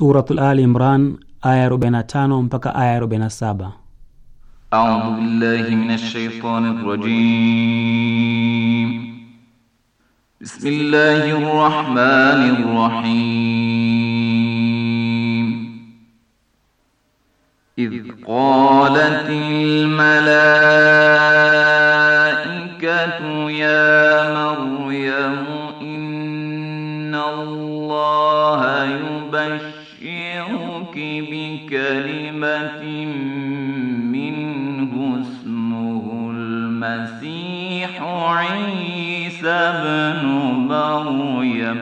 Suratul Ali Imran aya 45 mpaka aya 47. A'udhu billahi minash shaitanir rajim. Bismillahir rahmanir rahim. إذ قالت الملائكة يا مريم بكلمة منه اسمه المسيح عيسى بن مريم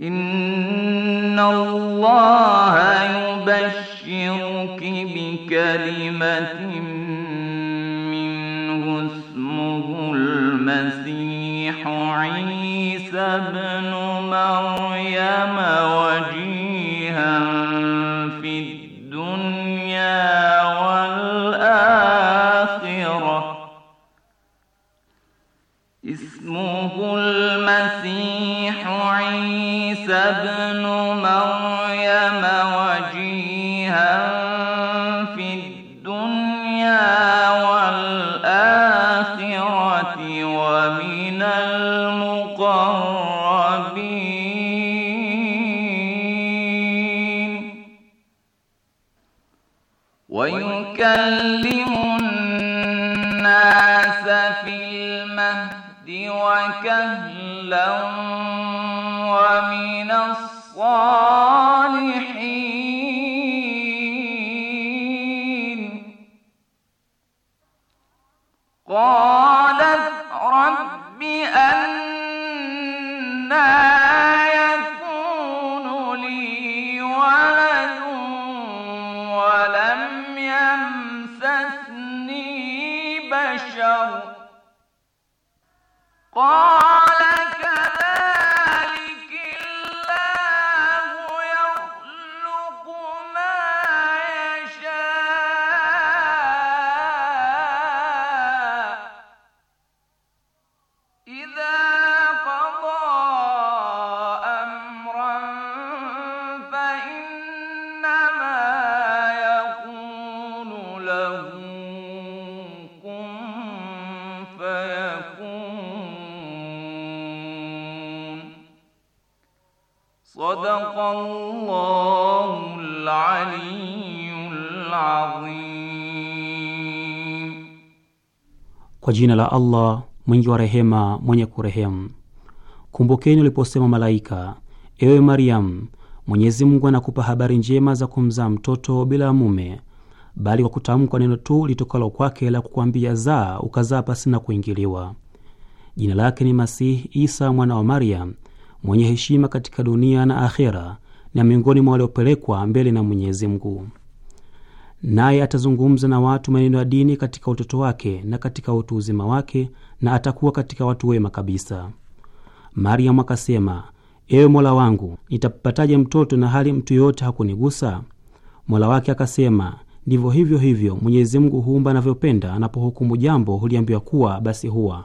إن الله يبشرك بكلمة منه اسمه المسيح عيسى بن مريم وكهلا ومن الصالحين jina la Allah mwingi wa rehema, mwenye kurehemu. Kumbukeni uliposema malaika, ewe mariam Mwenyezi Mungu anakupa habari njema za kumzaa mtoto bila mume, bali kwa kutamkwa neno tu litokalo kwake la kukwambia zaa, ukazaa pasina kuingiliwa. Jina lake ni Masihi Isa mwana wa Maryam, mwenye heshima katika dunia na akhera, na miongoni mwa waliopelekwa mbele na Mwenyezi Mungu naye atazungumza na watu maneno ya dini katika utoto wake na katika utu uzima wake, na atakuwa katika watu wema kabisa. Maryamu akasema, ewe Mola wangu, nitapataje mtoto na hali mtu yoyote hakunigusa? Mola wake akasema, ndivyo hivyo hivyo Mwenyezi Mungu huumba anavyopenda, anapohukumu jambo huliambiwa kuwa, basi huwa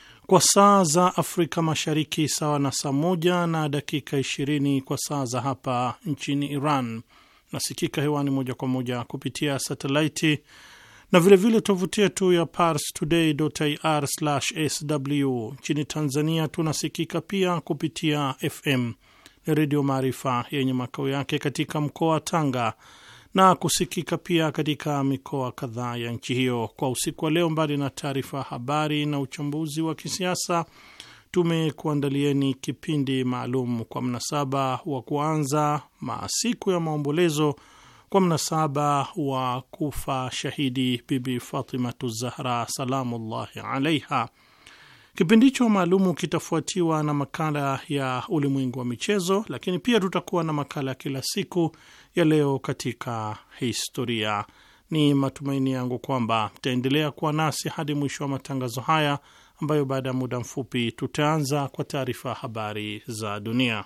kwa saa za Afrika Mashariki, sawa na saa moja na dakika 20 kwa saa za hapa nchini Iran. Nasikika hewani moja kwa moja kupitia satelaiti na vilevile tovuti yetu ya parstoday.ir/sw. Nchini Tanzania tunasikika pia kupitia FM ni Redio Maarifa yenye makao yake katika mkoa wa Tanga na kusikika pia katika mikoa kadhaa ya nchi hiyo. Kwa usiku wa leo, mbali na taarifa ya habari na uchambuzi wa kisiasa, tumekuandalieni kipindi maalum kwa mnasaba wa kuanza masiku ya maombolezo kwa mnasaba wa kufa shahidi Bibi Fatimatu Zahra salamullahi alaiha. Kipindi hicho maalumu kitafuatiwa na makala ya ulimwengu wa michezo, lakini pia tutakuwa na makala ya kila siku ya leo katika historia. Ni matumaini yangu kwamba mtaendelea kuwa nasi hadi mwisho wa matangazo haya ambayo baada ya muda mfupi tutaanza kwa taarifa habari za dunia.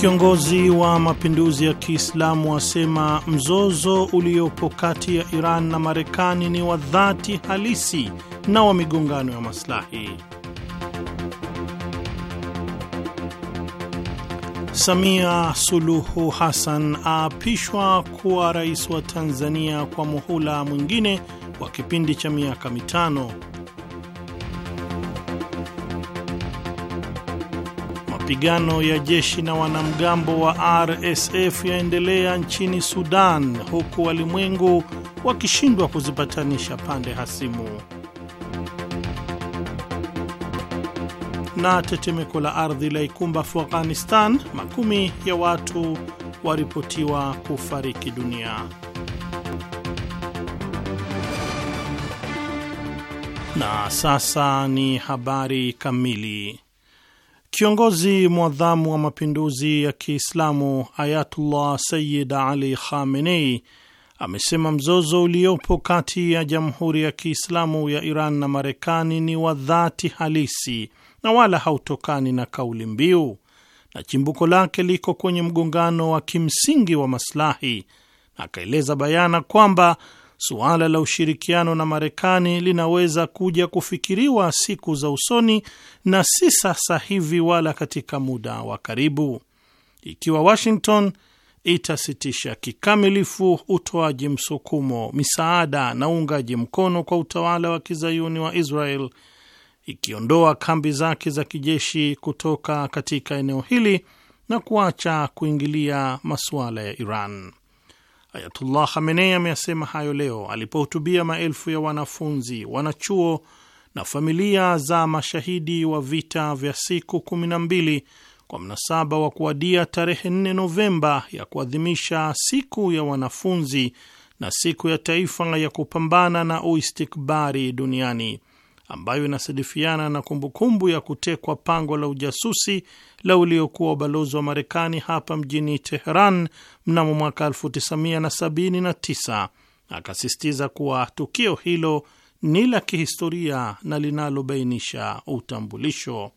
Kiongozi wa mapinduzi ya Kiislamu asema mzozo uliopo kati ya Iran na Marekani ni wa dhati halisi na wa migongano ya maslahi. Samia Suluhu Hassan aapishwa kuwa rais wa Tanzania kwa muhula mwingine wa kipindi cha miaka mitano. Mapigano ya jeshi na wanamgambo wa RSF yaendelea nchini Sudan huku walimwengu wakishindwa kuzipatanisha pande hasimu. Na tetemeko la ardhi la ikumba Afghanistan, makumi ya watu waripotiwa kufariki dunia. Na sasa ni habari kamili. Kiongozi mwadhamu wa mapinduzi ya Kiislamu Ayatullah Sayyid Ali Khamenei amesema mzozo uliopo kati ya Jamhuri ya Kiislamu ya Iran na Marekani ni wa dhati halisi na wala hautokani na kauli mbiu, na chimbuko lake liko kwenye mgongano wa kimsingi wa maslahi, na akaeleza bayana kwamba suala la ushirikiano na Marekani linaweza kuja kufikiriwa siku za usoni na si sasa hivi wala katika muda wa karibu, ikiwa Washington itasitisha kikamilifu utoaji msukumo, misaada na uungaji mkono kwa utawala wa kizayuni wa Israel, ikiondoa kambi zake za kijeshi kutoka katika eneo hili na kuacha kuingilia masuala ya Iran. Ayatullah Khamenei ameyasema hayo leo alipohutubia maelfu ya wanafunzi, wanachuo na familia za mashahidi wa vita vya siku 12 kwa mnasaba wa kuadia tarehe 4 Novemba ya kuadhimisha siku ya wanafunzi na siku ya taifa ya kupambana na uistikbari duniani ambayo inasadifiana na kumbukumbu ya kutekwa pango la ujasusi la uliokuwa ubalozi wa Marekani hapa mjini Teheran mnamo mwaka 1979 akasisitiza kuwa tukio hilo ni la kihistoria na linalobainisha utambulisho.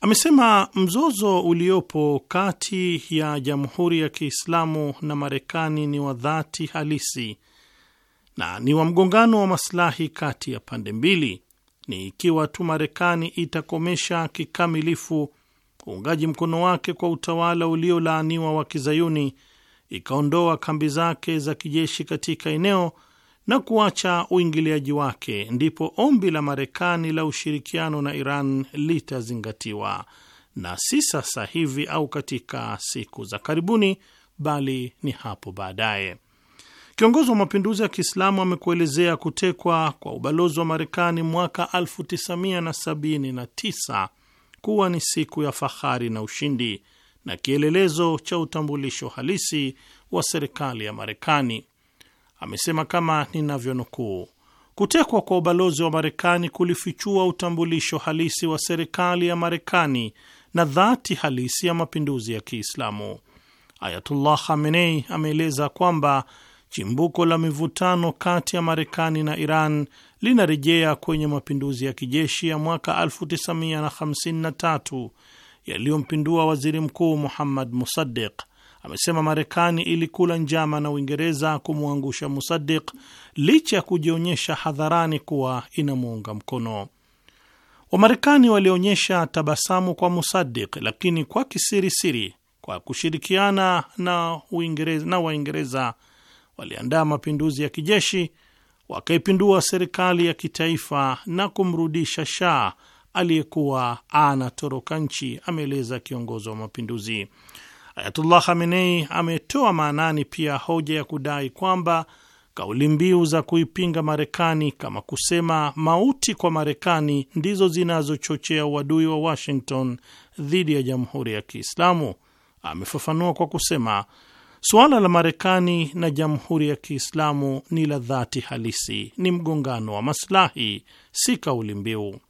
Amesema mzozo uliopo kati ya Jamhuri ya Kiislamu na Marekani ni wa dhati halisi na ni wa mgongano wa maslahi kati ya pande mbili ni ikiwa tu Marekani itakomesha kikamilifu uungaji mkono wake kwa utawala uliolaaniwa wa Kizayuni, ikaondoa kambi zake za kijeshi katika eneo na kuacha uingiliaji wake, ndipo ombi la Marekani la ushirikiano na Iran litazingatiwa, na si sasa hivi au katika siku za karibuni, bali ni hapo baadaye. Kiongozi wa mapinduzi ya Kiislamu amekuelezea kutekwa kwa ubalozi wa Marekani mwaka 1979 kuwa ni siku ya fahari na ushindi na kielelezo cha utambulisho halisi wa serikali ya Marekani. Amesema kama ninavyonukuu, kutekwa kwa ubalozi wa Marekani kulifichua utambulisho halisi wa serikali ya Marekani na dhati halisi ya mapinduzi ya Kiislamu. Ayatullah Khamenei ameeleza kwamba chimbuko la mivutano kati ya Marekani na Iran linarejea kwenye mapinduzi ya kijeshi ya mwaka 1953 yaliyompindua waziri mkuu Muhammad Musaddiq. Amesema Marekani ilikula njama na Uingereza kumwangusha Musaddiq licha ya kujionyesha hadharani kuwa inamuunga mkono. Wamarekani walionyesha tabasamu kwa Musaddiq, lakini kwa kisirisiri kwa kushirikiana na Waingereza waliandaa mapinduzi ya kijeshi wakaipindua serikali ya kitaifa na kumrudisha Shah aliyekuwa anatoroka nchi, ameeleza kiongozi wa mapinduzi. Ayatullah Khamenei ametoa maanani pia hoja ya kudai kwamba kauli mbiu za kuipinga Marekani kama kusema mauti kwa Marekani ndizo zinazochochea uadui wa Washington dhidi ya jamhuri ya Kiislamu. Amefafanua kwa kusema Suala la Marekani na Jamhuri ya Kiislamu ni la dhati halisi, ni mgongano wa maslahi, si kauli mbiu.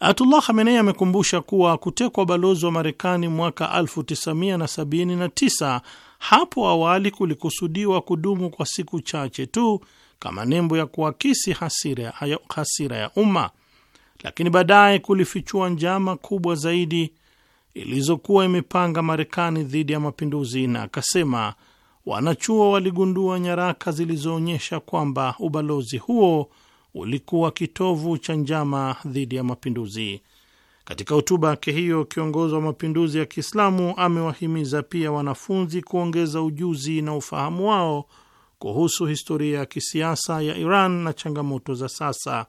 Ayatullah Khamenei amekumbusha kuwa kutekwa balozi wa Marekani mwaka 1979 hapo awali kulikusudiwa kudumu kwa siku chache tu kama nembo ya kuakisi hasira, hasira ya umma, lakini baadaye kulifichua njama kubwa zaidi ilizokuwa imepanga Marekani dhidi ya mapinduzi, na akasema wanachuo waligundua nyaraka zilizoonyesha kwamba ubalozi huo ulikuwa kitovu cha njama dhidi ya mapinduzi. Katika hotuba yake hiyo, kiongozi wa mapinduzi ya Kiislamu amewahimiza pia wanafunzi kuongeza ujuzi na ufahamu wao kuhusu historia ya kisiasa ya Iran na changamoto za sasa,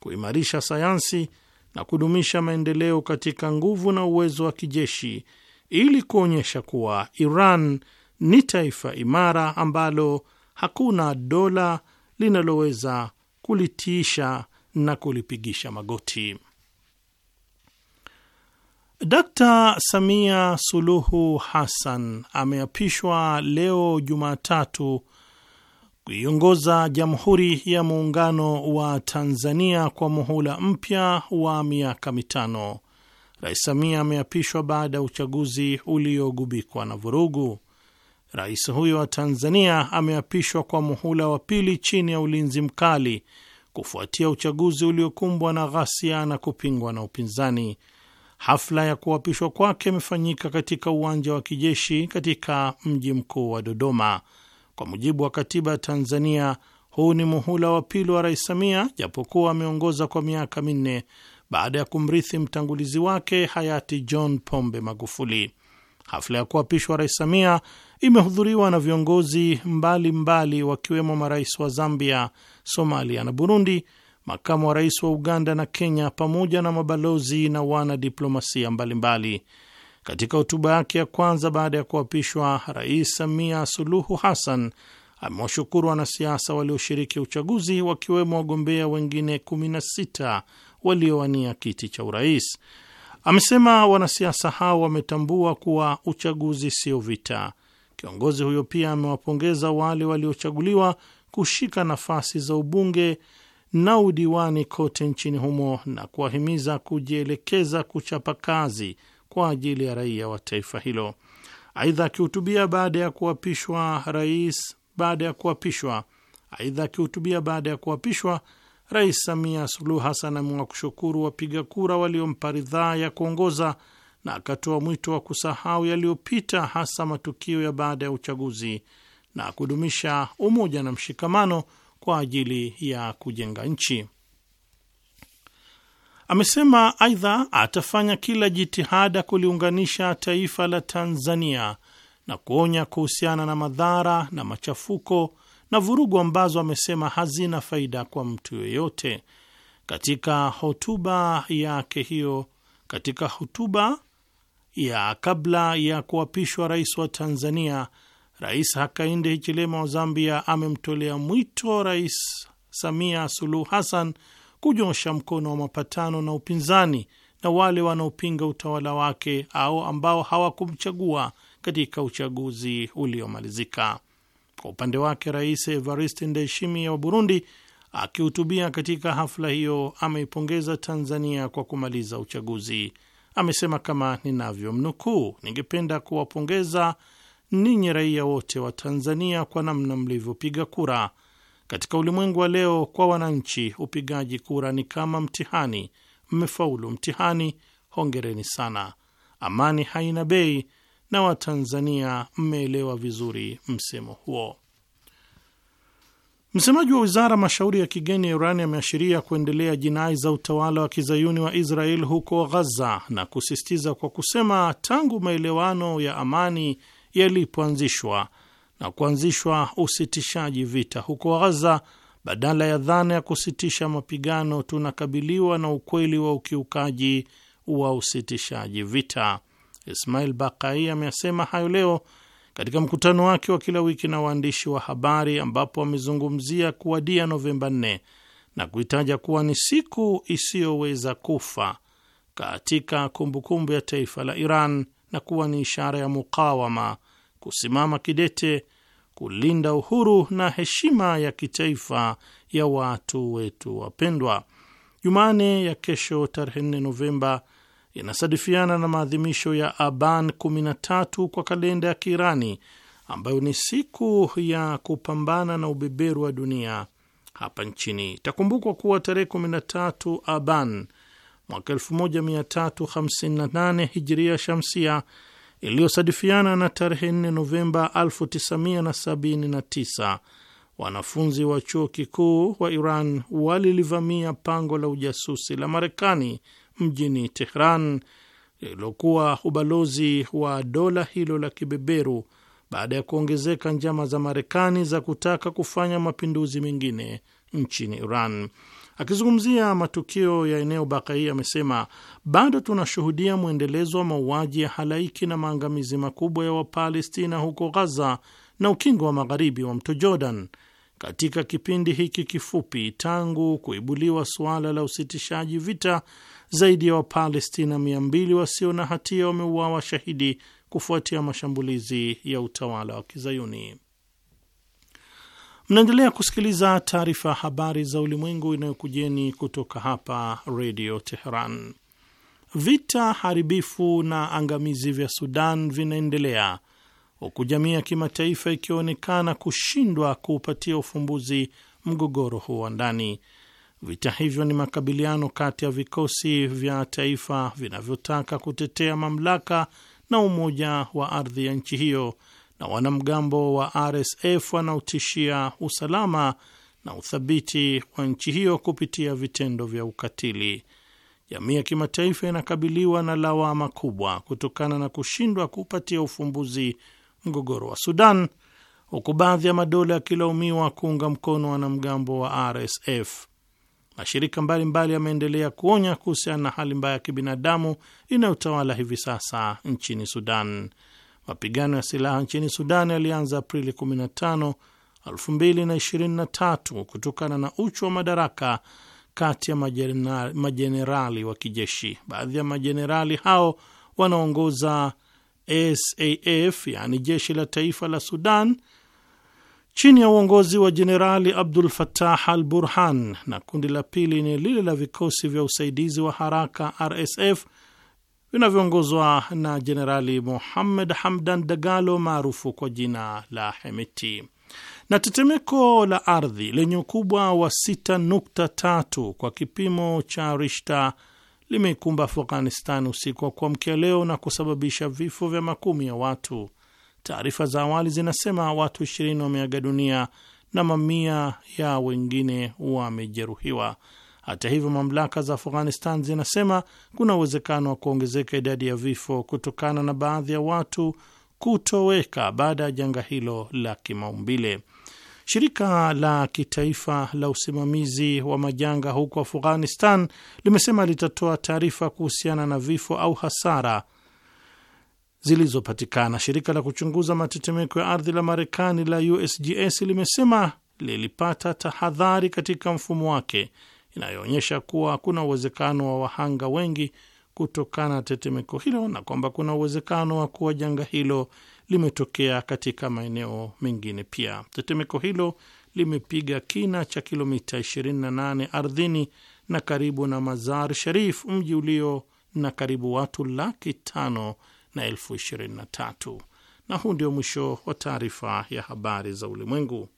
kuimarisha sayansi na kudumisha maendeleo katika nguvu na uwezo wa kijeshi ili kuonyesha kuwa Iran ni taifa imara ambalo hakuna dola linaloweza kulitiisha na kulipigisha magoti. Dkt. Samia Suluhu Hassan ameapishwa leo Jumatatu kuiongoza Jamhuri ya Muungano wa Tanzania kwa muhula mpya wa miaka mitano. Rais Samia ameapishwa baada ya uchaguzi uliogubikwa na vurugu. Rais huyo wa Tanzania ameapishwa kwa muhula wa pili chini ya ulinzi mkali kufuatia uchaguzi uliokumbwa na ghasia na kupingwa na upinzani. Hafla ya kuapishwa kwake imefanyika katika uwanja wa kijeshi katika mji mkuu wa Dodoma. Kwa mujibu wa katiba ya Tanzania, huu ni muhula wa pili wa Rais Samia, japokuwa ameongoza kwa miaka minne baada ya kumrithi mtangulizi wake hayati John Pombe Magufuli. Hafla ya kuapishwa Rais Samia imehudhuriwa na viongozi mbalimbali wakiwemo marais wa Zambia, Somalia na Burundi, makamu wa rais wa Uganda na Kenya, pamoja na mabalozi na wanadiplomasia mbalimbali mbali. Katika hotuba yake ya kwanza baada ya kuapishwa, Rais Samia Suluhu Hassan amewashukuru wanasiasa walioshiriki uchaguzi, wakiwemo wagombea wengine 16 waliowania kiti cha urais. Amesema wanasiasa hao wametambua kuwa uchaguzi sio vita. Kiongozi huyo pia amewapongeza wale waliochaguliwa kushika nafasi za ubunge na udiwani kote nchini humo na kuwahimiza kujielekeza kuchapa kazi kwa ajili ya raia wa taifa hilo. Aidha, akihutubia baada ya kuapishwa rais baada ya kuapishwa aidha, akihutubia baada ya kuapishwa Rais Samia Suluhu Hassan amewashukuru wapiga kura waliompa ridhaa ya kuongoza na akatoa mwito wa kusahau yaliyopita, hasa matukio ya baada ya uchaguzi na kudumisha umoja na mshikamano kwa ajili ya kujenga nchi. Amesema aidha atafanya kila jitihada kuliunganisha taifa la Tanzania na kuonya kuhusiana na madhara na machafuko na vurugu ambazo amesema hazina faida kwa mtu yoyote. Katika hotuba yake hiyo, katika hotuba ya kabla ya kuapishwa rais wa Tanzania, Rais Hakainde Hichilema wa Zambia amemtolea mwito Rais Samia Suluhu Hassan kunyosha mkono wa mapatano na upinzani na wale wanaopinga utawala wake au ambao hawakumchagua katika uchaguzi uliomalizika. Kwa upande wake, Rais Evariste Ndayishimiye wa Burundi akihutubia katika hafla hiyo ameipongeza Tanzania kwa kumaliza uchaguzi. Amesema kama ninavyomnukuu, ningependa kuwapongeza ninyi raia wote wa Tanzania kwa namna mlivyopiga kura katika ulimwengu wa leo, kwa wananchi, upigaji kura ni kama mtihani. Mmefaulu mtihani, hongereni sana. Amani haina bei, na Watanzania mmeelewa vizuri msemo huo. Msemaji wa wizara mashauri ya kigeni ya Irani ameashiria kuendelea jinai za utawala wa kizayuni wa Israel huko Ghaza na kusisitiza kwa kusema, tangu maelewano ya amani yalipoanzishwa na kuanzishwa usitishaji vita huko Ghaza. Badala ya dhana ya kusitisha mapigano, tunakabiliwa na ukweli wa ukiukaji wa usitishaji vita. Ismail Bakai ameasema hayo leo katika mkutano wake wa kila wiki na waandishi wa habari, ambapo amezungumzia kuwadia Novemba 4 na kuitaja kuwa ni siku isiyoweza kufa katika kumbukumbu ya taifa la Iran na kuwa ni ishara ya mukawama kusimama kidete kulinda uhuru na heshima ya kitaifa ya watu wetu wapendwa. Jumane ya kesho tarehe 4 Novemba inasadifiana na maadhimisho ya Aban 13 kwa kalenda ya Kiirani, ambayo ni siku ya kupambana na ubeberu wa dunia hapa nchini. Itakumbukwa kuwa tarehe 13 Aban mwaka 1358 Hijria Shamsia iliyosadifiana na tarehe 4 Novemba 1979 wanafunzi wa chuo kikuu wa Iran walilivamia pango la ujasusi la Marekani mjini Tehran lililokuwa ubalozi wa dola hilo la kibeberu baada ya kuongezeka njama za Marekani za kutaka kufanya mapinduzi mengine nchini Iran. Akizungumzia matukio ya eneo Bakai amesema bado tunashuhudia mwendelezo wa mauaji ya halaiki na maangamizi makubwa ya Wapalestina huko Ghaza na ukingo wa magharibi wa mto Jordan. Katika kipindi hiki kifupi tangu kuibuliwa suala la usitishaji vita, zaidi ya Wapalestina mia wasio na hatia wameuawa shahidi kufuatia mashambulizi ya utawala wa Kizayuni. Mnaendelea kusikiliza taarifa ya habari za ulimwengu inayokujeni kutoka hapa redio Teheran. Vita haribifu na angamizi vya Sudan vinaendelea huku jamii ya kimataifa ikionekana kushindwa kuupatia ufumbuzi mgogoro huo wa ndani. Vita hivyo ni makabiliano kati ya vikosi vya taifa vinavyotaka kutetea mamlaka na umoja wa ardhi ya nchi hiyo na wanamgambo wa RSF wanaotishia usalama na uthabiti wa nchi hiyo kupitia vitendo vya ukatili. Jamii ya kimataifa inakabiliwa na lawama kubwa kutokana na kushindwa kupatia ufumbuzi mgogoro wa Sudan, huku baadhi ya madola yakilaumiwa kuunga mkono wanamgambo wa RSF. Mashirika mbalimbali yameendelea kuonya kuhusiana na hali mbaya ya kibinadamu inayotawala hivi sasa nchini Sudan. Mapigano ya silaha nchini Sudan yalianza Aprili 15, 2023 kutokana na uchu wa madaraka kati ya majenerali wa kijeshi. Baadhi ya majenerali hao wanaongoza SAF, yaani jeshi la taifa la Sudan chini ya uongozi wa Jenerali Abdul Fattah al Burhan, na kundi la pili ni lile la vikosi vya usaidizi wa haraka RSF vinavyoongozwa na Jenerali muhammad Hamdan Dagalo maarufu kwa jina la Hemeti, na tetemeko la ardhi lenye ukubwa wa 6.3 kwa kipimo cha Rishta limeikumba Afghanistan usiku wa kuamkia leo na kusababisha vifo vya makumi ya watu. Taarifa za awali zinasema watu 20 wameaga dunia na mamia ya wengine wamejeruhiwa. Hata hivyo, mamlaka za Afghanistan zinasema kuna uwezekano wa kuongezeka idadi ya vifo kutokana na baadhi ya watu kutoweka baada ya janga hilo la kimaumbile. Shirika la kitaifa la usimamizi wa majanga huko Afghanistan limesema litatoa taarifa kuhusiana na vifo au hasara zilizopatikana. Shirika la kuchunguza matetemeko ya ardhi la Marekani la USGS limesema lilipata tahadhari katika mfumo wake inayoonyesha kuwa kuna uwezekano wa wahanga wengi kutokana na tetemeko hilo na kwamba kuna uwezekano wa kuwa janga hilo limetokea katika maeneo mengine pia. Tetemeko hilo limepiga kina cha kilomita 28 ardhini na karibu na Mazar Sharif, mji ulio na karibu watu laki tano na elfu ishirini na tatu. Na huu ndio mwisho wa taarifa ya habari za ulimwengu.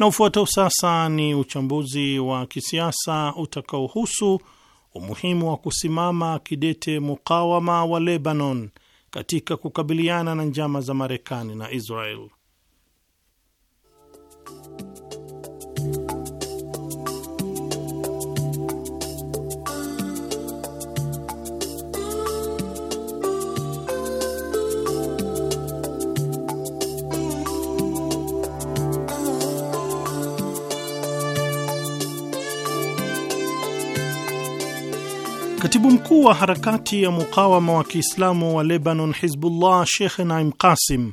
Na ufuatao sasa ni uchambuzi wa kisiasa utakaohusu umuhimu wa kusimama kidete mukawama wa Lebanon katika kukabiliana na njama za Marekani na Israel. Katibu mkuu wa harakati ya mukawama wa Kiislamu wa Lebanon, Hizbullah, Shekh Naim Kasim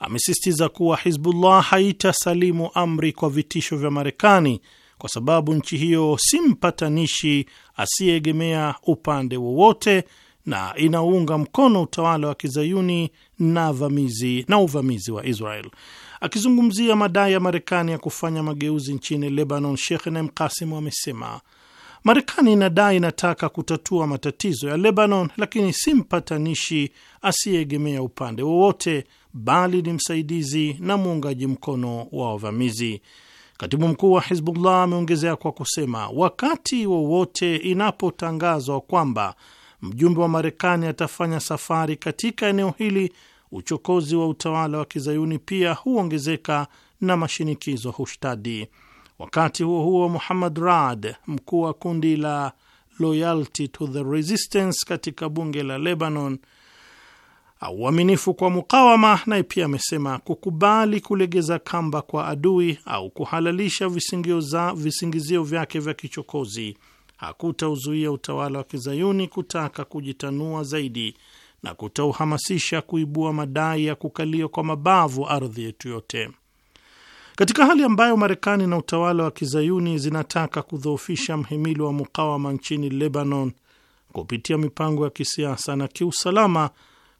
amesisitiza kuwa Hizbullah haitasalimu amri kwa vitisho vya Marekani kwa sababu nchi hiyo si mpatanishi asiyeegemea upande wowote na inaunga mkono utawala wa kizayuni na vamizi, na uvamizi wa Israel. Akizungumzia madai ya Marekani ya kufanya mageuzi nchini Lebanon, shekh Naim Kasim amesema Marekani inadai inataka kutatua matatizo ya Lebanon, lakini si mpatanishi asiyeegemea upande wowote, bali ni msaidizi na muungaji mkono wa wavamizi. Katibu mkuu wa Hizbullah ameongezea kwa kusema, wakati wowote inapotangazwa kwamba mjumbe wa Marekani atafanya safari katika eneo hili, uchokozi wa utawala wa kizayuni pia huongezeka na mashinikizo hushtadi. Wakati huo huo, Muhammad Raad, mkuu wa kundi la Loyalty to the Resistance katika bunge la Lebanon auaminifu kwa mukawama, naye pia amesema kukubali kulegeza kamba kwa adui au kuhalalisha visingizio vyake vya kichokozi hakutauzuia utawala wa kizayuni kutaka kujitanua zaidi na kutauhamasisha kuibua madai ya kukaliwa kwa mabavu ardhi yetu yote. Katika hali ambayo Marekani na utawala wa kizayuni zinataka kudhoofisha mhimili wa mukawama nchini Lebanon kupitia mipango ya kisiasa na kiusalama,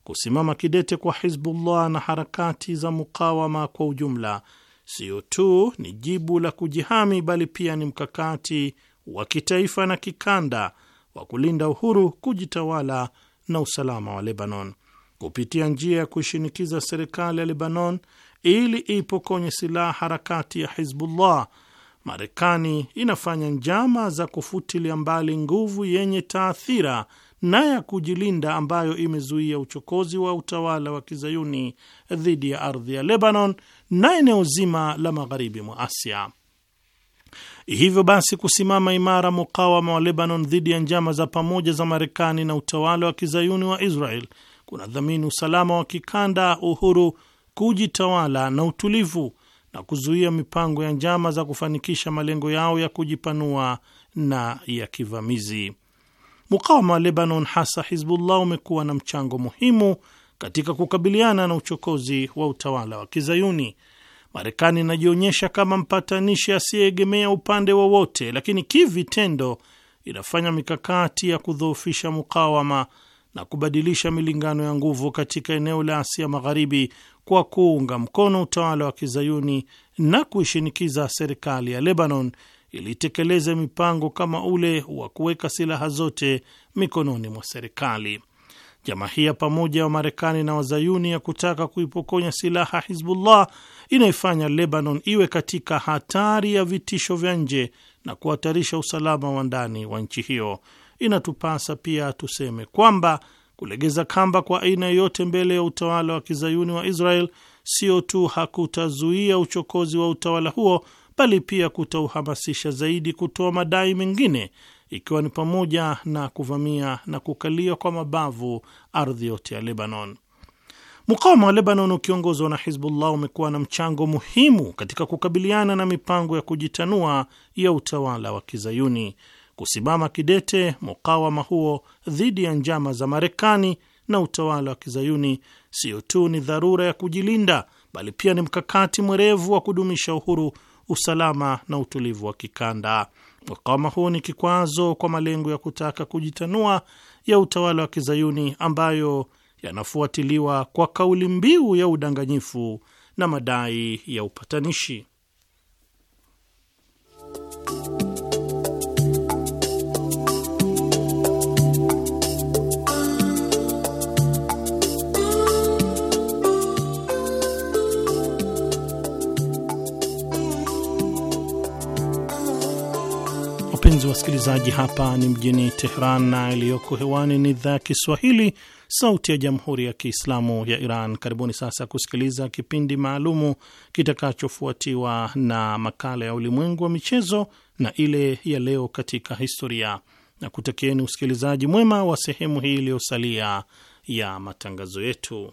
kusimama kidete kwa Hizbullah na harakati za mukawama kwa ujumla sio tu ni jibu la kujihami, bali pia ni mkakati wa kitaifa na kikanda wa kulinda uhuru, kujitawala na usalama wa Lebanon kupitia njia ya kuishinikiza serikali ya Lebanon ili ipokonye silaha harakati ya Hizbullah, Marekani inafanya njama za kufutilia mbali nguvu yenye taathira na ya kujilinda ambayo imezuia uchokozi wa utawala wa kizayuni dhidi ya ardhi ya Lebanon na eneo zima la magharibi mwa Asia. Hivyo basi, kusimama imara mukawama wa Lebanon dhidi ya njama za pamoja za Marekani na utawala wa kizayuni wa Israel kuna dhamini usalama wa kikanda, uhuru kujitawala na utulivu na kuzuia mipango ya njama za kufanikisha malengo yao ya kujipanua na ya kivamizi. Mukawama wa Lebanon, hasa Hizbullah, umekuwa na mchango muhimu katika kukabiliana na uchokozi wa utawala wa Kizayuni. Marekani inajionyesha kama mpatanishi asiyeegemea upande wowote, lakini kivitendo inafanya mikakati ya kudhoofisha mukawama na kubadilisha milingano ya nguvu katika eneo la Asia Magharibi kwa kuunga mkono utawala wa kizayuni na kuishinikiza serikali ya Lebanon ilitekeleze mipango kama ule wa kuweka silaha zote mikononi mwa serikali. Jamaa hiya pamoja ya Wamarekani na Wazayuni ya kutaka kuipokonya silaha Hizbullah inaifanya Lebanon iwe katika hatari ya vitisho vya nje na kuhatarisha usalama wa ndani wa nchi hiyo. Inatupasa pia tuseme kwamba Kulegeza kamba kwa aina yoyote mbele ya utawala wa kizayuni wa Israel sio tu hakutazuia uchokozi wa utawala huo, bali pia kutauhamasisha zaidi kutoa madai mengine, ikiwa ni pamoja na kuvamia na kukalia kwa mabavu ardhi yote ya Lebanon. Mukawama wa Lebanon ukiongozwa na Hizbullah umekuwa na mchango muhimu katika kukabiliana na mipango ya kujitanua ya utawala wa kizayuni kusimama kidete mukawama huo dhidi ya njama za Marekani na utawala wa kizayuni siyo tu ni dharura ya kujilinda, bali pia ni mkakati mwerevu wa kudumisha uhuru, usalama na utulivu wa kikanda. Mukawama huo ni kikwazo kwa malengo ya kutaka kujitanua ya utawala wa kizayuni ambayo yanafuatiliwa kwa kauli mbiu ya udanganyifu na madai ya upatanishi. Wapenzi wasikilizaji, hapa ni mjini Tehran na iliyoko hewani ni idhaa ya Kiswahili, Sauti ya Jamhuri ya Kiislamu ya Iran. Karibuni sasa kusikiliza kipindi maalumu kitakachofuatiwa na makala ya ulimwengu wa michezo na ile ya leo katika historia, na kutakieni usikilizaji mwema wa sehemu hii iliyosalia ya matangazo yetu.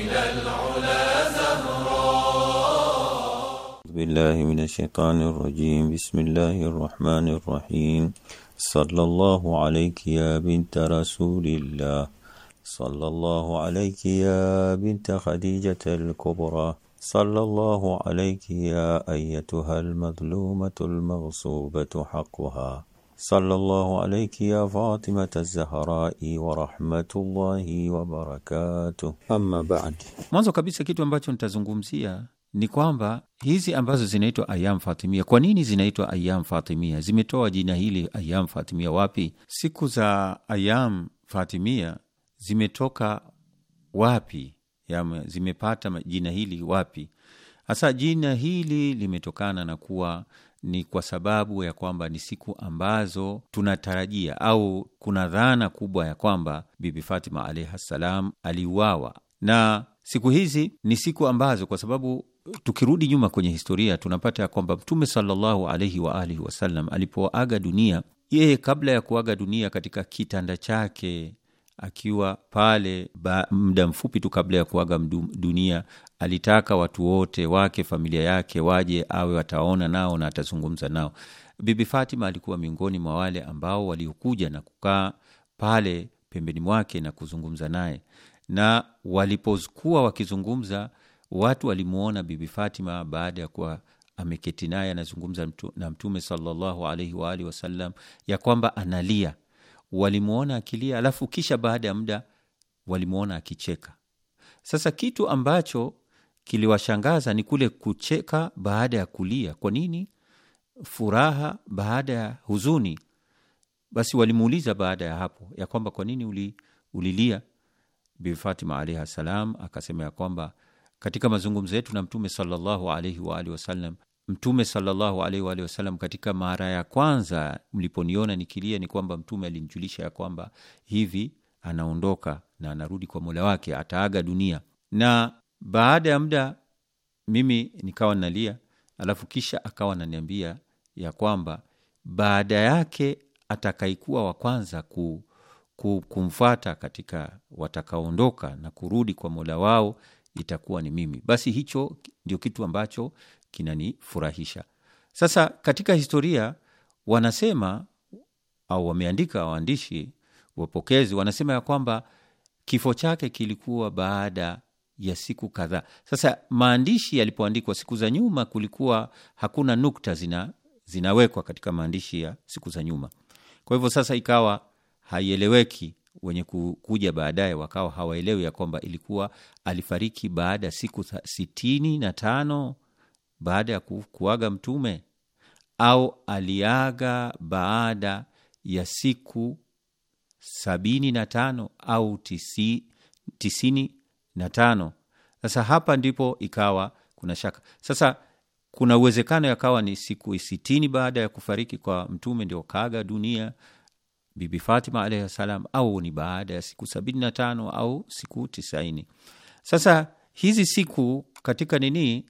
إلى العلا بالله من الشيطان الرجيم بسم الله الرحمن الرحيم صلى الله عليك يا بنت رسول الله صلى الله عليك يا بنت خديجة الكبرى صلى الله عليك يا أيتها المظلومة المغصوبة حقها sallallahu alayki ya Fatimata Zahrai wa rahmatullahi wa barakatuh. Amma ba'd, mwanzo kabisa kitu ambacho nitazungumzia ni kwamba hizi ambazo zinaitwa ayam fatimia, kwa nini zinaitwa ayam fatimia? Zimetoa jina hili ayam fatimia wapi? Siku za ayam fatimia zimetoka wapi? Yama, zimepata jina hili wapi? Hasa jina hili limetokana na kuwa ni kwa sababu ya kwamba ni siku ambazo tunatarajia au kuna dhana kubwa ya kwamba Bibi Fatima alaihi ssalam aliuawa, na siku hizi ni siku ambazo kwa sababu tukirudi nyuma kwenye historia tunapata ya kwamba Mtume sallallahu alaihi wa alihi wasallam alipoaga dunia, yeye kabla ya kuaga dunia, katika kitanda chake akiwa pale muda mfupi tu kabla ya kuaga dunia alitaka watu wote wake familia yake waje awe wataona nao na atazungumza nao bibi fatima alikuwa miongoni mwa wale ambao waliokuja na kukaa pale pembeni mwake na kuzungumza naye na walipokuwa wakizungumza watu walimwona bibi fatima baada ya kuwa ameketi naye anazungumza na mtume, mtume alaihi waalihi wasallam ya kwamba analia walimwona akilia, alafu kisha baada ya muda walimwona akicheka. Sasa kitu ambacho kiliwashangaza ni kule kucheka baada ya kulia. Kwa nini? Furaha baada ya huzuni. Basi walimuuliza baada ya hapo ya kwamba kwa nini uli, ulilia? Bibi Fatima alaihi salam akasema ya kwamba katika mazungumzo yetu na Mtume sallallahu alaihi waalihi wasallam Mtume sallallahu alaihi wasallam, katika mara ya kwanza mliponiona nikilia, ni kwamba Mtume alinjulisha ya kwamba hivi anaondoka na anarudi kwa mola wake, ataaga dunia. Na baada ya muda mimi nikawa nalia, alafu kisha akawa naniambia ya kwamba baada yake atakaikuwa wa kwanza ku, ku, kumfata katika watakaondoka na kurudi kwa mola wao itakuwa ni mimi. Basi hicho ndio kitu ambacho kinanifurahisha. Sasa katika historia wanasema au wameandika waandishi wapokezi, wanasema ya kwamba kifo chake kilikuwa baada ya siku kadhaa. Sasa maandishi yalipoandikwa siku za nyuma, kulikuwa hakuna nukta zina, zinawekwa katika maandishi ya siku za nyuma. Kwa hivyo sasa ikawa haieleweki, wenye kuja baadaye wakawa hawaelewi ya kwamba ilikuwa alifariki baada ya siku sitini na tano baada ya kuaga mtume au aliaga baada ya siku sabini na tano au tisi, tisini na tano sasa hapa ndipo ikawa kuna shaka sasa kuna uwezekano yakawa ni siku sitini baada ya kufariki kwa mtume ndio kaaga dunia bibi fatima alaihi salam au ni baada ya siku sabini na tano au siku tisaini sasa hizi siku katika nini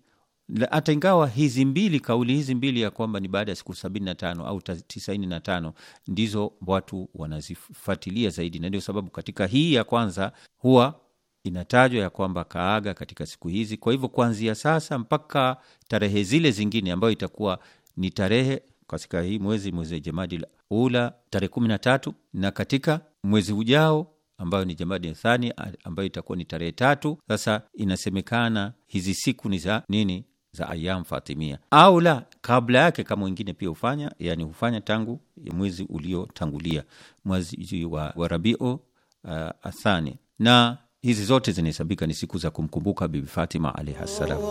hata ingawa hizi mbili kauli hizi mbili ya kwamba ni baada ya siku sabini na tano au tisaini na tano ndizo watu wanazifuatilia zaidi, na ndio sababu katika hii ya kwanza huwa inatajwa ya kwamba kaaga katika siku hizi. Kwa hivyo kuanzia sasa mpaka tarehe zile zingine ambayo itakuwa ni tarehe katika hii mwezi mwezi Jamadi la ula tarehe kumi na tatu na katika mwezi ujao ambayo ni Jamadi Thani ambayo itakuwa ni tarehe tatu. Sasa inasemekana hizi siku ni za nini? za ayam fatimia au la kabla yake, kama wengine pia hufanya, yani hufanya tangu mwezi uliotangulia mwezi wa, wa Rabiu uh, athani. Na hizi zote zinahesabika ni siku za kumkumbuka Bibi Fatima alaihi ssalam.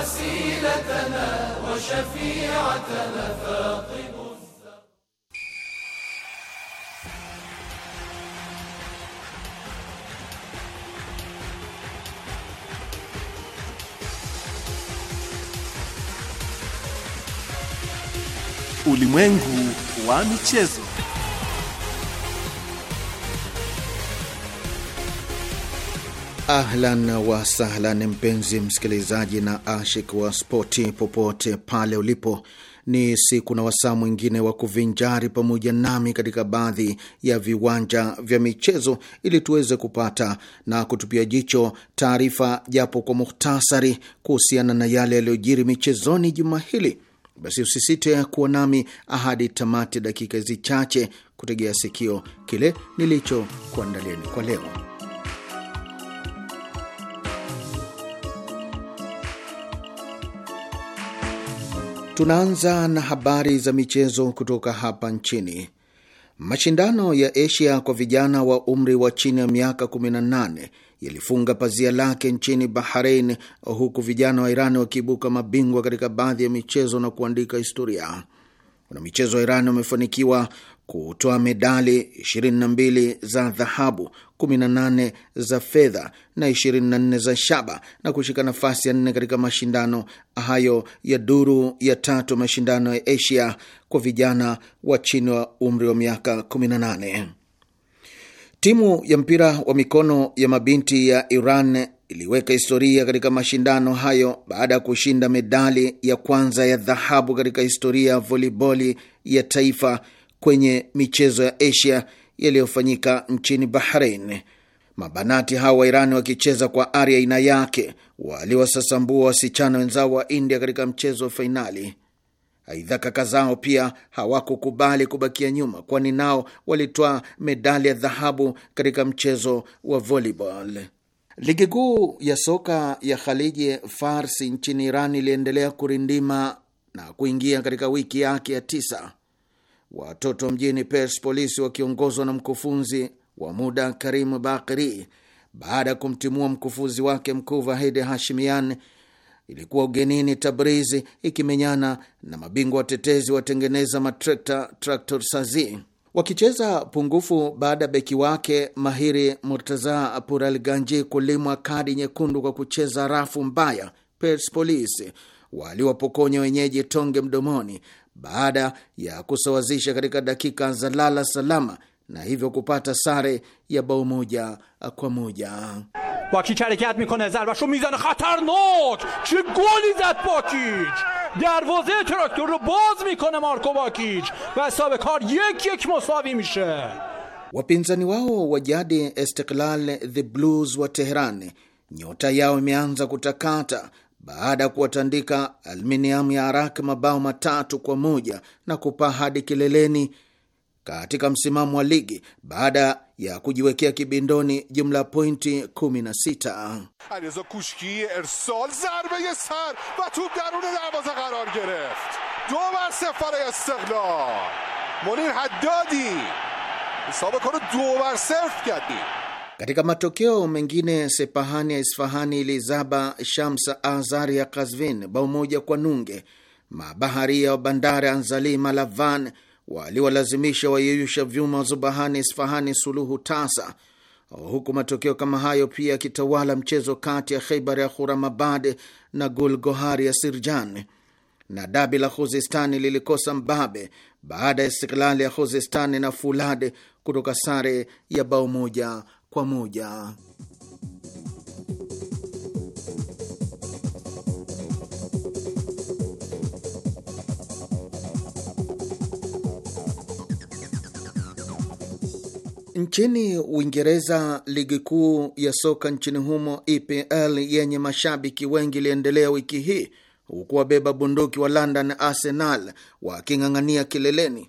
وسيلتنا وشفيعتنا فاطم Ulimwengu wa michezo. Ahlan wasahlan, mpenzi msikilizaji na ashik wa spoti, popote pale ulipo, ni siku na wasaa mwingine wa kuvinjari pamoja nami katika baadhi ya viwanja vya michezo ili tuweze kupata na kutupia jicho taarifa japo kwa muhtasari kuhusiana na yale yaliyojiri michezoni juma hili. Basi usisite kuwa nami ahadi tamati, dakika hizi chache kutegea sikio kile nilichokuandalieni kwa leo. Tunaanza na habari za michezo kutoka hapa nchini. Mashindano ya Asia kwa vijana wa umri wa chini ya miaka 18 yalifunga pazia lake nchini Bahrain, huku vijana wa Irani wakiibuka mabingwa katika baadhi ya michezo na kuandika historia. Wanamichezo wa Irani wamefanikiwa kutoa medali 22 za dhahabu, 18 za fedha na 24 za shaba na kushika nafasi ya nne katika mashindano hayo ya duru ya tatu mashindano ya Asia kwa vijana wa chini wa umri wa miaka 18. Timu ya mpira wa mikono ya mabinti ya Iran iliweka historia katika mashindano hayo baada ya kushinda medali ya kwanza ya dhahabu katika historia ya voliboli ya taifa kwenye michezo ya Asia yaliyofanyika nchini Bahrain. Mabanati hawa wa Irani wakicheza kwa ari aina yake waliwasasambua wasichana wenzao wa India katika mchezo wa fainali. Aidha, kaka zao pia hawakukubali kubakia nyuma, kwani nao walitoa medali ya dhahabu katika mchezo wa volleyball. Ligi kuu ya soka ya Khaliji Farsi nchini Iran iliendelea kurindima na kuingia katika wiki yake ya tisa. Watoto mjini Pers, polisi wakiongozwa na mkufunzi wa muda Karimu Bakiri, baada ya kumtimua mkufunzi wake mkuu Vahid Hashimian, ilikuwa ugenini Tabrizi ikimenyana na mabingwa watetezi watengeneza matrekta Traktor Sazi wakicheza pungufu baada ya beki wake mahiri Murtaza Apural Ganji kulimwa kadi nyekundu kwa kucheza rafu mbaya. Persepolis waliwapokonya wenyeji tonge mdomoni baada ya kusawazisha katika dakika za lala salama na hivyo kupata sare ya bao moja kwa moja. Bakic harakat mikone zarbasho mizane khatarnok che goli zad Bakic darvoze traktor ro baz mikone Marko Bakic va hesab kar yek yek mosavi mishe. Wapinzani wao wa jadi Istiklal the Blues wa Tehran, nyota yao imeanza kutakata baada ya kuwatandika Alminiam ya Arak mabao matatu kwa moja na kupaa hadi kileleni katika msimamo wa ligi baada ya kujiwekea kibindoni jumla pointi 16. Alizo tu munir haddadi do katika matokeo mengine, Sepahani ya Isfahani ilizaba Shamsa azar ya Kazvin bao moja kwa nunge. Mabaharia wa bandari anzali Malavan waliwalazimisha wayeyusha vyuma wa Zubahani Isfahani suluhu tasa, huku matokeo kama hayo pia yakitawala mchezo kati ya Kheibar ya Huramabad na Gulgohari ya Sirjan na dabi la Khuzistani lilikosa mbabe baada ya Istiklali ya Khuzistani na Fulad kutoka sare ya bao moja kwa moja. Nchini Uingereza, ligi kuu ya soka nchini humo EPL yenye mashabiki wengi iliendelea wiki hii huku wabeba bunduki wa London Arsenal waking'ang'ania kileleni.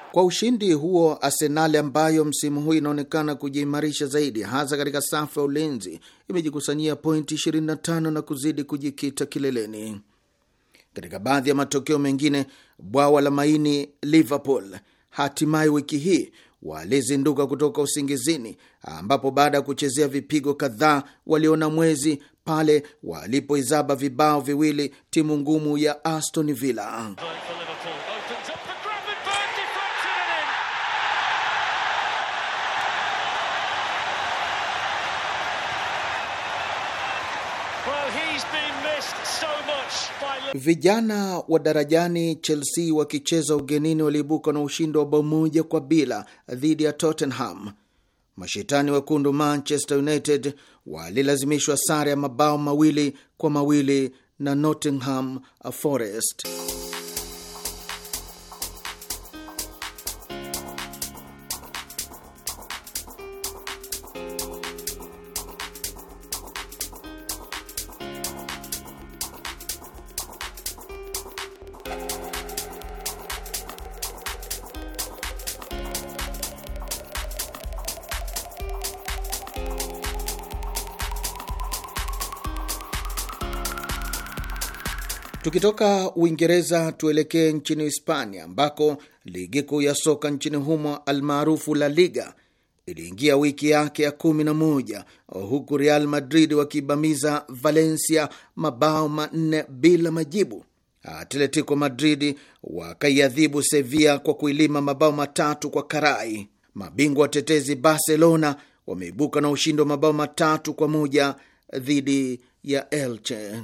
Kwa ushindi huo, Arsenali ambayo msimu huu inaonekana kujiimarisha zaidi, hasa katika safu ya ulinzi, imejikusanyia pointi 25 na kuzidi kujikita kileleni. Katika baadhi ya matokeo mengine, bwawa la maini Liverpool hatimaye wiki hii walizinduka kutoka usingizini, ambapo baada ya kuchezea vipigo kadhaa waliona mwezi pale walipoizaba vibao viwili timu ngumu ya Aston Villa. Vijana wa darajani Chelsea wakicheza ugenini waliibuka na ushindi wa bao moja kwa bila dhidi ya Tottenham. Mashetani wekundu Manchester United walilazimishwa sare ya mabao mawili kwa mawili na Nottingham Forest. Tukitoka Uingereza tuelekee nchini Hispania, ambako ligi kuu ya soka nchini humo almaarufu La Liga iliingia wiki yake ya kumi na moja huku Real Madrid wakibamiza Valencia mabao manne bila majibu. Atletico Madrid wakaiadhibu Sevilla kwa kuilima mabao matatu kwa karai. Mabingwa watetezi Barcelona wameibuka na ushindi wa mabao matatu kwa moja dhidi ya Elche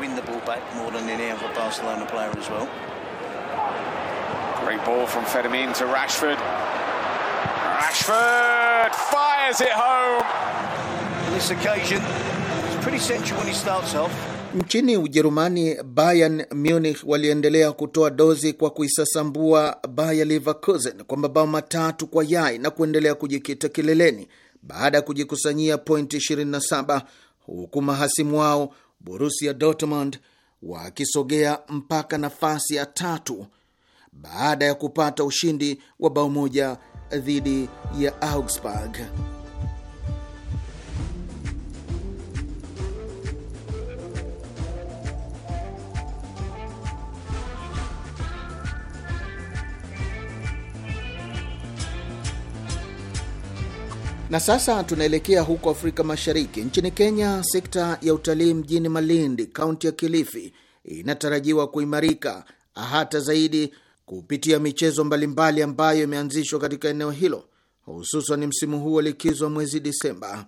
win the ball back more than any other Barcelona player as well. Great ball from Fedemin to Rashford. Rashford fires it home. On this occasion, it's pretty central when he starts off. Nchini Ujerumani, Bayern Munich waliendelea kutoa dozi kwa kuisasambua Bayer Leverkusen kwa mabao matatu kwa yai na kuendelea kujikita kileleni baada ya kujikusanyia pointi 27 huku mahasimu wao Borusia Dortmund wakisogea mpaka nafasi ya tatu baada ya kupata ushindi wa bao moja dhidi ya Augsburg. Na sasa tunaelekea huko Afrika Mashariki. Nchini Kenya, sekta ya utalii mjini Malindi, kaunti ya Kilifi, inatarajiwa kuimarika hata zaidi kupitia michezo mbalimbali ambayo imeanzishwa katika eneo hilo, hususan msimu huu wa likizo wa mwezi Disemba.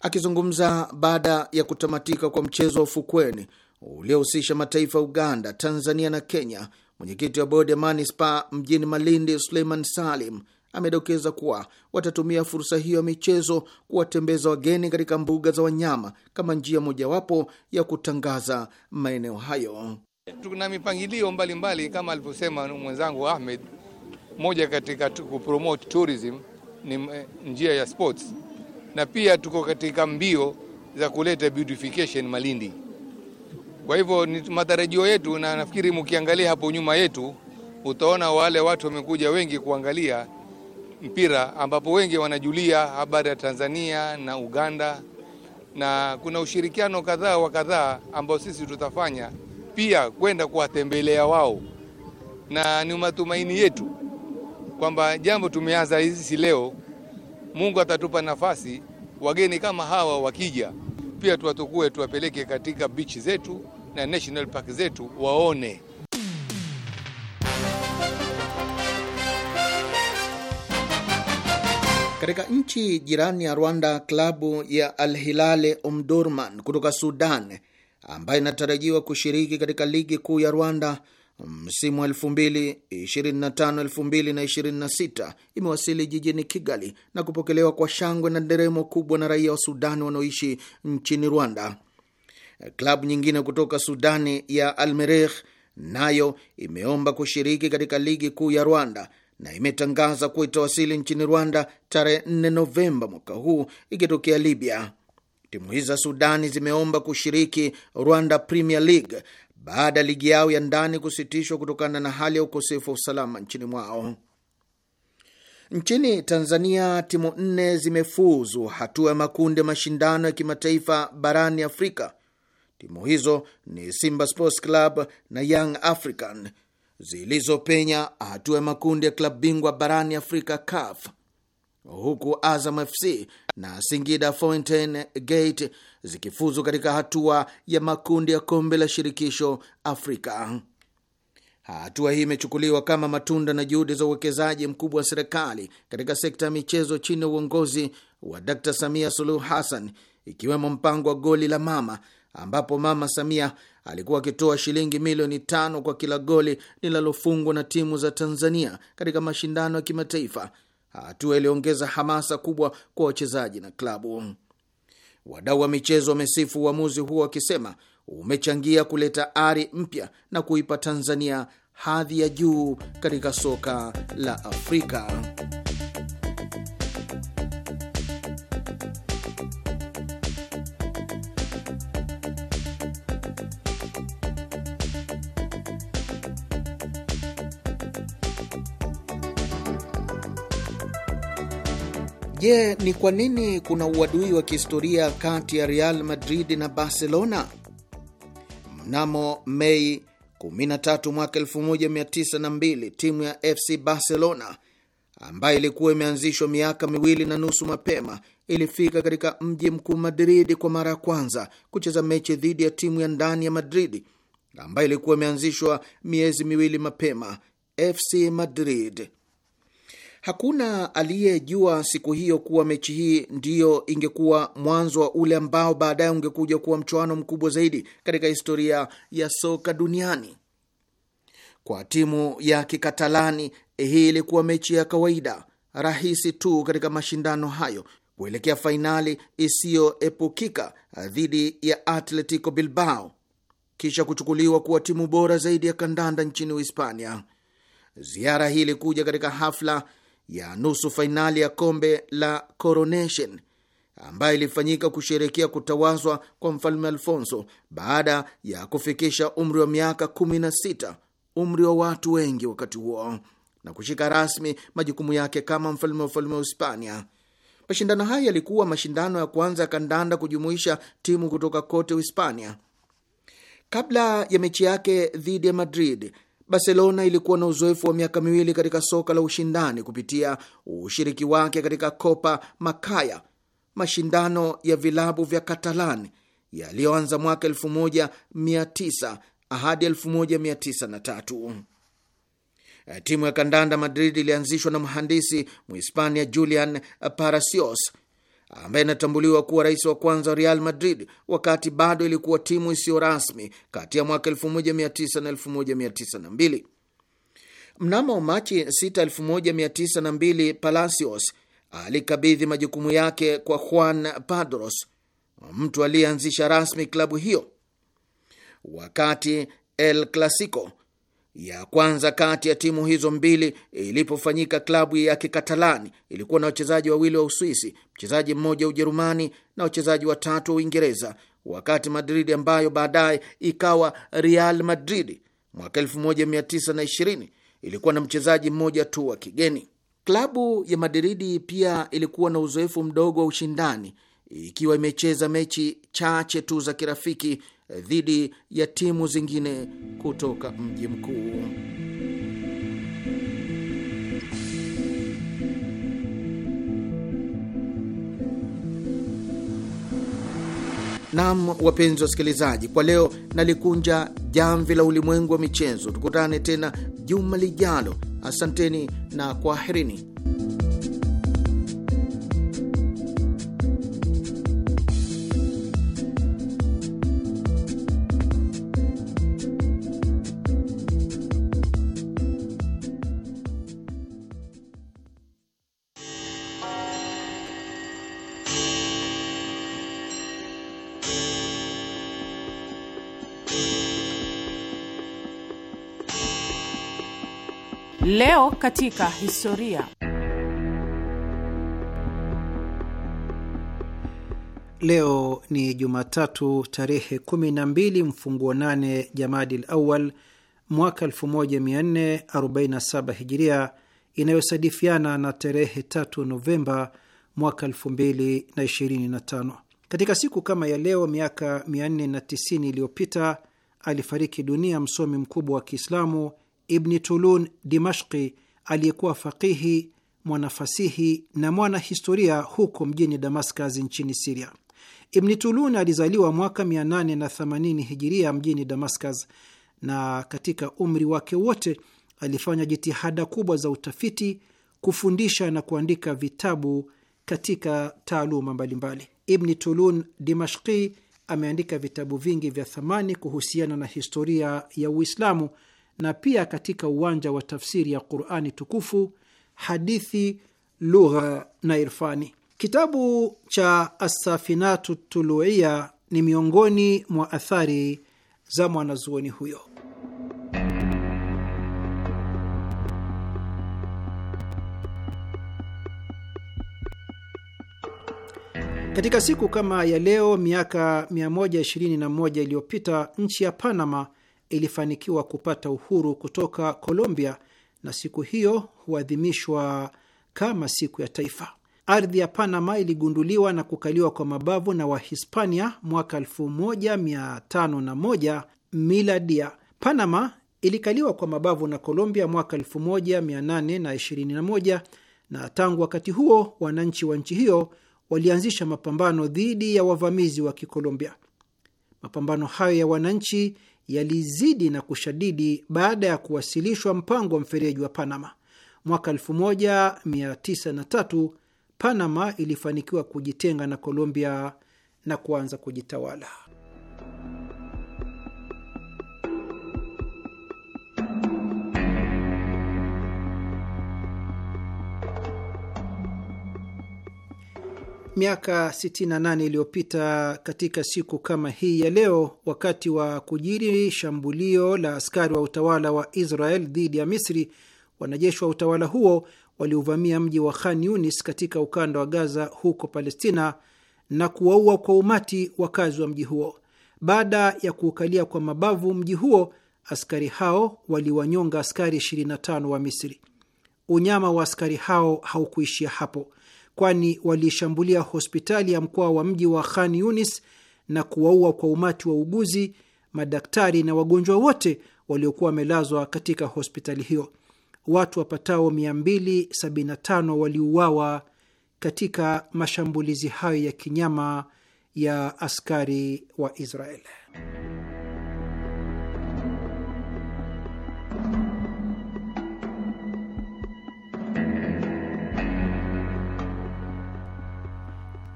Akizungumza baada ya kutamatika kwa mchezo wa ufukweni uliohusisha mataifa ya Uganda, Tanzania na Kenya, mwenyekiti wa bodi ya manispaa mjini Malindi, Suleiman Salim amedokeza kuwa watatumia fursa hiyo ya michezo kuwatembeza wageni katika mbuga za wanyama kama njia mojawapo ya kutangaza maeneo hayo. Tuna mipangilio mbalimbali kama alivyosema mwenzangu Ahmed. Moja katika kupromote tourism ni eh, njia ya sports, na pia tuko katika mbio za kuleta beautification Malindi. Kwa hivyo ni matarajio yetu, na nafikiri mkiangalia hapo nyuma yetu utaona wale watu wamekuja wengi kuangalia mpira ambapo wengi wanajulia habari ya Tanzania na Uganda, na kuna ushirikiano kadhaa wa kadhaa ambao sisi tutafanya pia kwenda kuwatembelea wao, na ni matumaini yetu kwamba jambo tumeanza hizi leo, Mungu atatupa nafasi, wageni kama hawa wakija pia tuwatukue, tuwapeleke katika bichi zetu na national park zetu waone. Katika nchi jirani ya Rwanda, klabu ya Al Hilale Omdurman kutoka Sudan ambayo inatarajiwa kushiriki katika ligi kuu ya Rwanda msimu wa 2025/2026 imewasili jijini Kigali na kupokelewa kwa shangwe na nderemo kubwa na raia wa Sudani wanaoishi nchini Rwanda. Klabu nyingine kutoka Sudani ya Almerih nayo imeomba kushiriki katika ligi kuu ya Rwanda na imetangaza kuwa itawasili nchini Rwanda tarehe 4 Novemba mwaka huu ikitokea Libya. Timu hizi za Sudani zimeomba kushiriki Rwanda Premier League baada ya ligi yao ya ndani kusitishwa kutokana na hali ya ukosefu wa usalama nchini mwao. Nchini Tanzania, timu nne zimefuzu hatua ya makundi ya mashindano ya kimataifa barani Afrika. Timu hizo ni Simba Sports Club na Young African zilizopenya hatua ya makundi ya klabu bingwa barani Afrika CAF, huku Azam FC na Singida Fountain Gate zikifuzu katika hatua ya makundi ya kombe la shirikisho Afrika. Hatua hii imechukuliwa kama matunda na juhudi za uwekezaji mkubwa wa serikali katika sekta ya michezo chini ya uongozi wa dr Samia Suluhu Hassan, ikiwemo mpango wa goli la mama ambapo Mama Samia alikuwa akitoa shilingi milioni tano kwa kila goli linalofungwa na timu za Tanzania katika mashindano ya kimataifa, hatua iliongeza hamasa kubwa kwa wachezaji na klabu. Wadau wa michezo wamesifu uamuzi huo wakisema umechangia kuleta ari mpya na kuipa Tanzania hadhi ya juu katika soka la Afrika. Je, ni kwa nini kuna uadui wa kihistoria kati ya Real Madrid na Barcelona? Mnamo Mei 13 mwaka 1902 timu ya FC Barcelona ambayo ilikuwa imeanzishwa miaka miwili na nusu mapema ilifika katika mji mkuu Madrid kwa mara ya kwanza kucheza mechi dhidi ya timu ya ndani ya Madrid ambayo ilikuwa imeanzishwa miezi miwili mapema, FC Madrid. Hakuna aliyejua siku hiyo kuwa mechi hii ndiyo ingekuwa mwanzo wa ule ambao baadaye ungekuja kuwa mchuano mkubwa zaidi katika historia ya soka duniani. Kwa timu ya Kikatalani, hii ilikuwa mechi ya kawaida rahisi tu katika mashindano hayo kuelekea fainali isiyoepukika dhidi ya Atletico Bilbao kisha kuchukuliwa kuwa timu bora zaidi ya kandanda nchini Uhispania. Ziara hii ilikuja katika hafla ya nusu fainali ya kombe la Coronation ambayo ilifanyika kusherekea kutawazwa kwa mfalme Alfonso baada ya kufikisha umri wa miaka 16, umri wa watu wengi wakati huo, na kushika rasmi majukumu yake kama mfalme wa ufalme wa Hispania. Mashindano haya yalikuwa mashindano ya kwanza ya kandanda kujumuisha timu kutoka kote Uhispania. Kabla ya mechi yake dhidi ya Madrid, Barcelona ilikuwa na uzoefu wa miaka miwili katika soka la ushindani kupitia ushiriki wake katika Copa Macaya, mashindano ya vilabu vya Katalan yaliyoanza mwaka 1900 hadi 1903. Timu ya kandanda Madrid ilianzishwa na mhandisi Muhispania Julian Paracios ambaye inatambuliwa kuwa rais wa kwanza wa Real Madrid wakati bado ilikuwa timu isiyo rasmi kati ya mwaka 1900 na 1902. Mnamo Machi 6, 1902, Palacios alikabidhi majukumu yake kwa Juan Padros, mtu aliyeanzisha rasmi klabu hiyo. Wakati El Clasico ya kwanza kati ya timu hizo mbili ilipofanyika, klabu ya Kikatalani ilikuwa na wachezaji wawili wa Uswisi, mchezaji mmoja wa Ujerumani na wachezaji watatu wa Uingereza, wakati Madrid ambayo baadaye ikawa Real Madrid mwaka 1920 ilikuwa na mchezaji mmoja tu wa kigeni. Klabu ya Madridi pia ilikuwa na uzoefu mdogo wa ushindani, ikiwa imecheza mechi chache tu za kirafiki dhidi ya timu zingine kutoka mji mkuu. Nam, wapenzi wasikilizaji, kwa leo nalikunja jamvi la ulimwengu wa michezo. Tukutane tena juma lijalo. Asanteni na kwaherini. Leo katika historia. Leo ni Jumatatu tarehe 12 mfunguo 8 Jamadil Awal mwaka 1447 Hijiria, inayosadifiana na tarehe 3 Novemba mwaka 2025. Katika siku kama ya leo miaka 490 iliyopita alifariki dunia msomi mkubwa wa Kiislamu Ibni Tulun Dimashki aliyekuwa faqihi, mwanafasihi na mwana historia huko mjini Damascus nchini Siria. Ibni Tulun alizaliwa mwaka 880 hijiria mjini Damascus, na katika umri wake wote alifanya jitihada kubwa za utafiti, kufundisha na kuandika vitabu katika taaluma mbalimbali. Ibni Tulun Dimashki ameandika vitabu vingi vya thamani kuhusiana na historia ya Uislamu na pia katika uwanja wa tafsiri ya Qurani tukufu, hadithi, lugha na irfani. Kitabu cha Assafinatu Tuluia ni miongoni mwa athari za mwanazuoni huyo. Katika siku kama ya leo miaka 121 iliyopita nchi ya Panama ilifanikiwa kupata uhuru kutoka Colombia na siku hiyo huadhimishwa kama siku ya taifa. Ardhi ya Panama iligunduliwa na kukaliwa kwa mabavu na Wahispania mwaka 1501 miladia. Panama ilikaliwa kwa mabavu na Colombia mwaka 1821 na tangu wakati huo wananchi wa nchi hiyo walianzisha mapambano dhidi ya wavamizi wa Kikolombia. Mapambano hayo ya wananchi yalizidi na kushadidi baada ya kuwasilishwa mpango wa mfereji wa Panama. Mwaka 1903 Panama ilifanikiwa kujitenga na Colombia na kuanza kujitawala. miaka 68 iliyopita katika siku kama hii ya leo, wakati wa kujiri shambulio la askari wa utawala wa Israel dhidi ya Misri, wanajeshi wa utawala huo waliuvamia mji wa Khan Yunis katika ukanda wa Gaza huko Palestina na kuwaua kwa umati wakazi wa mji huo. Baada ya kuukalia kwa mabavu mji huo, askari hao waliwanyonga askari 25 wa Misri. Unyama wa askari hao haukuishia hapo kwani walishambulia hospitali ya mkoa wa mji wa Khan Yunis na kuwaua kwa umati wa uguzi, madaktari na wagonjwa wote waliokuwa wamelazwa katika hospitali hiyo. Watu wapatao 275 waliuawa katika mashambulizi hayo ya kinyama ya askari wa Israeli.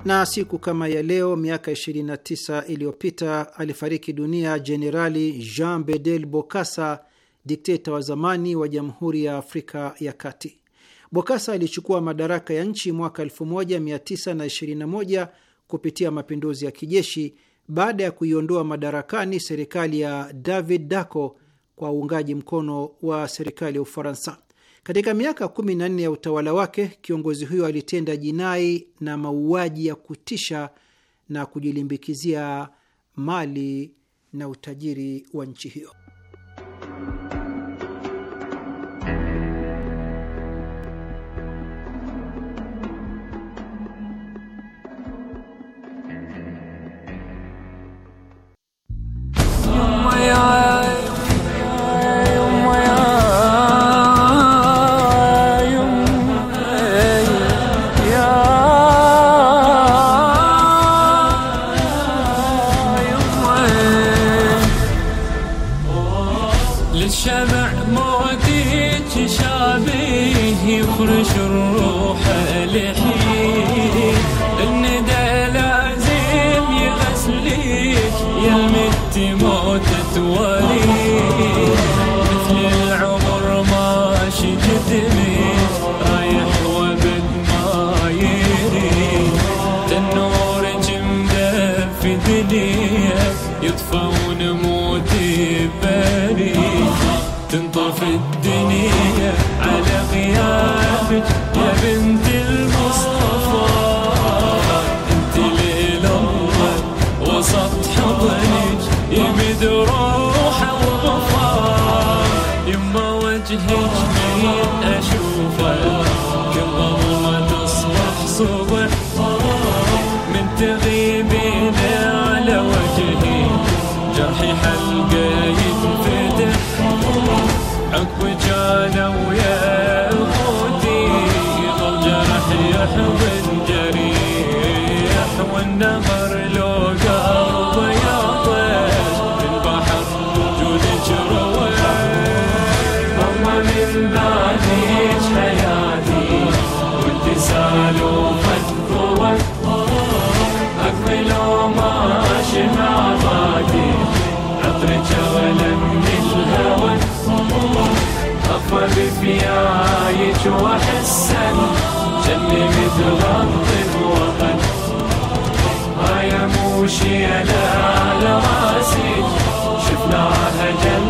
na siku kama ya leo miaka 29 iliyopita alifariki dunia Jenerali Jean Bedel Bokassa, dikteta wa zamani wa Jamhuri ya Afrika ya Kati. Bokassa alichukua madaraka ya nchi mwaka 1921 kupitia mapinduzi ya kijeshi baada ya kuiondoa madarakani serikali ya David Daco kwa uungaji mkono wa serikali ya Ufaransa. Katika miaka kumi na nne ya utawala wake, kiongozi huyo alitenda jinai na mauaji ya kutisha na kujilimbikizia mali na utajiri wa nchi hiyo. prophet no تلطف وطن يا موشي انا على راسي شفنا عهجا